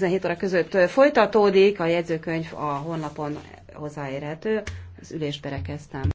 17 óra között folytatódik, a jegyzőkönyv a honlapon hozzáérhető, az ülésbe rekeztem.